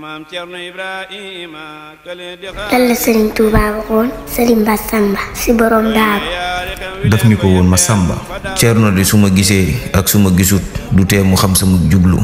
lan la sëriñ Touba waxoon sëriñ Ba Samba si borom daaru daf ni ko woon ma Samba Ceerno di su ma gisee ak su ma gisut du tee mu xam sama jublu